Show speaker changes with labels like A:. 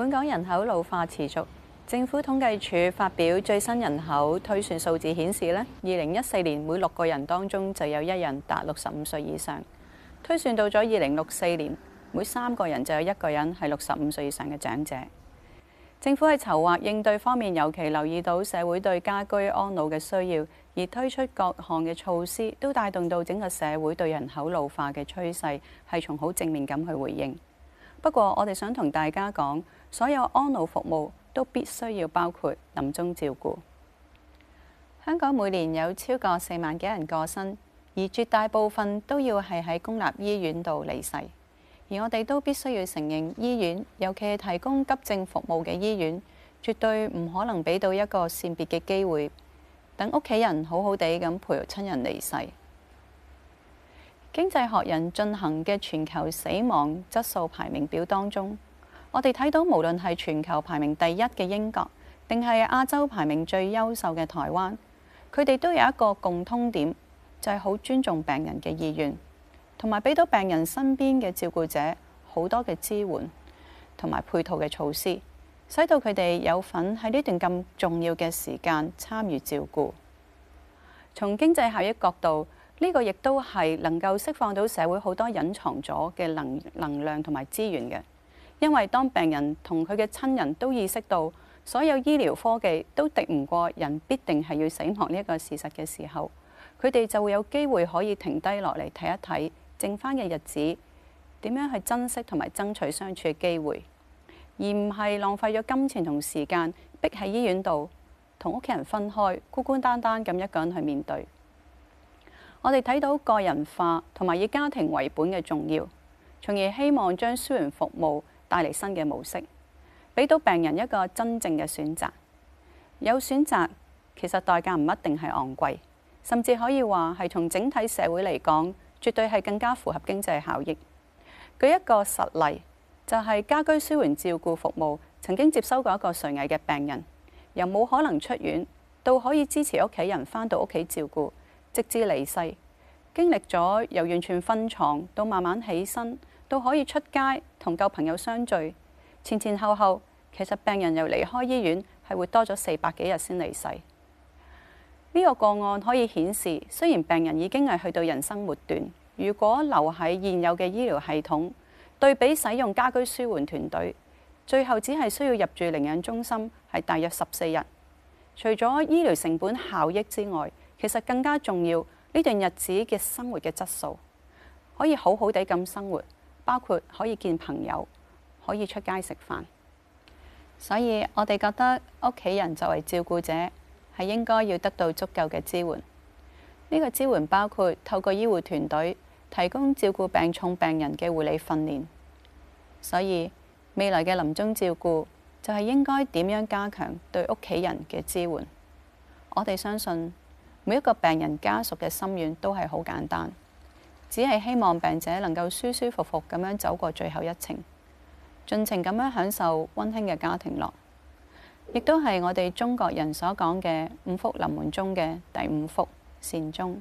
A: 本港人口老化持續，政府統計處發表最新人口推算數字顯示呢，二零一四年每六個人當中就有一人達六十五歲以上。推算到咗二零六四年，每三個人就有一個人係六十五歲以上嘅長者。政府喺籌劃應對方面，尤其留意到社會對家居安老嘅需要，而推出各項嘅措施，都帶動到整個社會對人口老化嘅趨勢係從好正面咁去回應。不過，我哋想同大家講，所有安老服務都必須要包括臨終照顧。香港每年有超過四萬幾人過身，而絕大部分都要係喺公立醫院度離世。而我哋都必須要承認，醫院尤其係提供急症服務嘅醫院，絕對唔可能俾到一個善別嘅機會，等屋企人好好地噉陪親人離世。經濟學人進行嘅全球死亡質素排名表當中，我哋睇到無論係全球排名第一嘅英國，定係亞洲排名最優秀嘅台灣，佢哋都有一個共通點，就係好尊重病人嘅意願，同埋俾到病人身邊嘅照顧者好多嘅支援同埋配套嘅措施，使到佢哋有份喺呢段咁重要嘅時間參與照顧。從經濟效益角度，呢個亦都係能夠釋放到社會好多隱藏咗嘅能能量同埋資源嘅，因為當病人同佢嘅親人都意識到所有醫療科技都敵唔過人必定係要死亡呢一個事實嘅時候，佢哋就會有機會可以停低落嚟睇一睇剩翻嘅日子，點樣去珍惜同埋爭取相處嘅機會，而唔係浪費咗金錢同時間逼喺醫院度，同屋企人分開，孤孤單單咁一個人去面對。我哋睇到個人化同埋以家庭為本嘅重要，從而希望將舒緩服務帶嚟新嘅模式，俾到病人一個真正嘅選擇。有選擇其實代價唔一定係昂貴，甚至可以話係從整體社會嚟講，絕對係更加符合經濟效益。舉一個實例，就係家居舒緩照顧服務曾經接收過一個垂危嘅病人，由冇可能出院到可以支持屋企人返到屋企照顧。直至離世，經歷咗由完全瞓床到慢慢起身，到可以出街同舊朋友相聚，前前後後其實病人又離開醫院係會多咗四百幾日先離世。呢、這個個案可以顯示，雖然病人已經係去到人生末段，如果留喺現有嘅醫療系統，對比使用家居舒緩團隊，最後只係需要入住寧養中心係大約十四日。除咗醫療成本效益之外，其實更加重要呢段日子嘅生活嘅質素，可以好好地咁生活，包括可以見朋友，可以出街食飯。所以我哋覺得屋企人作為照顧者係應該要得到足夠嘅支援。呢個支援包括透過醫護團隊提供照顧病重病人嘅護理訓練。所以未來嘅臨終照顧就係應該點樣加強對屋企人嘅支援。我哋相信，每一個病人家屬嘅心願都係好簡單，只係希望病者能夠舒舒服服咁樣走過最後一程，盡情咁樣享受溫馨嘅家庭樂。亦都係我哋中國人所講嘅五福臨門中嘅第五福善終。